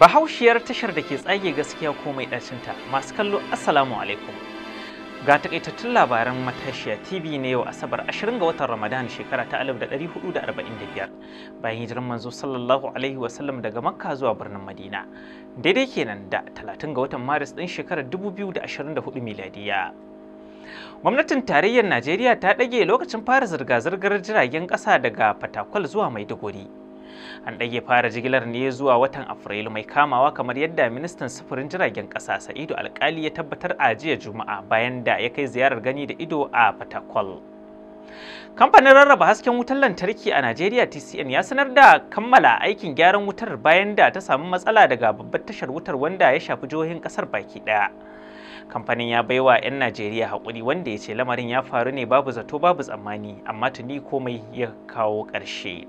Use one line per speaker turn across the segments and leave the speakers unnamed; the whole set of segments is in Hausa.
bahaushiyar tashar da ke tsage gaskiya ko mai ɗacinta masu kallo assalamu alaikum ga takaitattun labaran matashiya tv ne yau asabar 20 ga watan ramadan shekara ta 1445 bayan hijirar manzo sallallahu alaihi wasallam daga makka zuwa birnin madina daidai kenan da 30 ga watan maris ɗin shekarar 2024 miladiya Gwamnatin Tarayyar Najeriya ta ɗage lokacin fara zirga-zirgar jiragen ƙasa daga Fatakwal zuwa Maiduguri. An ɗage fara jigilar ne zuwa watan Afrilu mai kamawa kamar yadda ministan sufurin jiragen ƙasa Sa'idu Alkali ya tabbatar a jiya Juma'a bayan da ya kai ziyarar gani da ido a Fatakwal. Kamfanin rarraba hasken wutar lantarki a Najeriya TCN ya sanar da kammala aikin gyaran wutar bayan da ta samu matsala daga babbar tashar wutar wanda ya shafi jihohin kasar baki daya. Kamfanin ya baiwa 'yan Najeriya haƙuri wanda ya ce lamarin ya faru ne babu zato babu tsammani amma tuni komai ya kawo ƙarshe.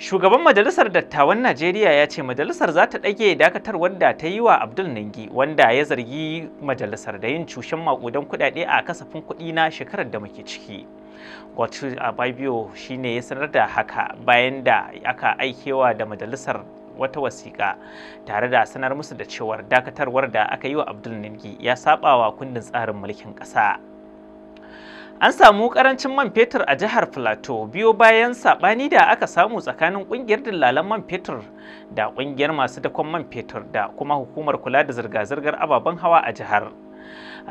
Shugaban Majalisar Dattawan Najeriya ya ce majalisar za ta ɗage dakatarwar da ta yi wa Abdul Nangi wanda ya zargi majalisar da yin cushen maƙudan kuɗaɗe a kasafin kuɗi na shekarar da muke ciki. a Ababio shi ne ya sanar da haka bayan da aka aikewa da majalisar wata wasiƙa tare da sanar musu da cewar dakatarwar da aka yi wa Abdul Nangi ya saɓa wa kundin tsarin mulkin ƙasa. An samu karancin man fetur a jihar Filato biyo bayan sabani da aka samu tsakanin kungiyar dillalan man fetur da kungiyar masu dakon man fetur da kuma hukumar kula da zirga-zirgar ababen hawa a jihar.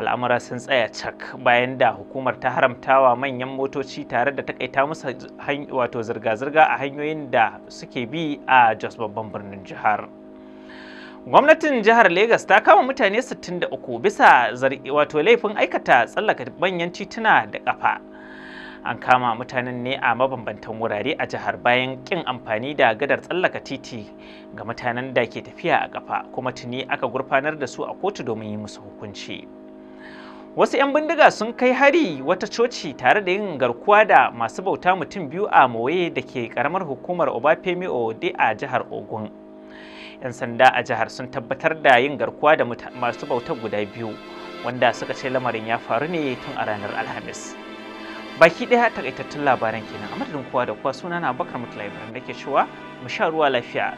Al'amura sun tsaya cak bayan da hukumar ta haramtawa manyan motoci tare da takaita musu wato zirga-zirga a hanyoyin da suke bi a Jos babban birnin jihar. gwamnatin jihar Legas ta kama mutane 63 bisa zargi wato laifin aikata tsallaka manyan tituna da kafa. An kama mutanen ne a mabambantan wurare a jihar bayan kin amfani da gadar tsallaka titi ga mutanen da ke tafiya a kafa kuma tuni aka gurfanar da su a kotu domin yi musu hukunci. Wasu 'yan bindiga sun kai hari wata coci tare da yin garkuwa da masu bauta mutum biyu a Moye da ke karamar hukumar Obafemi Ode a jihar Ogun. 'yan sanda a jihar sun tabbatar da yin garkuwa da masu bautar guda biyu wanda suka ce lamarin ya faru ne tun a ranar alhamis baki ɗaya takaitattun labaran kenan a madadin kowa da kowa suna na bakar mutula da ke cewa mu sha ruwa lafiya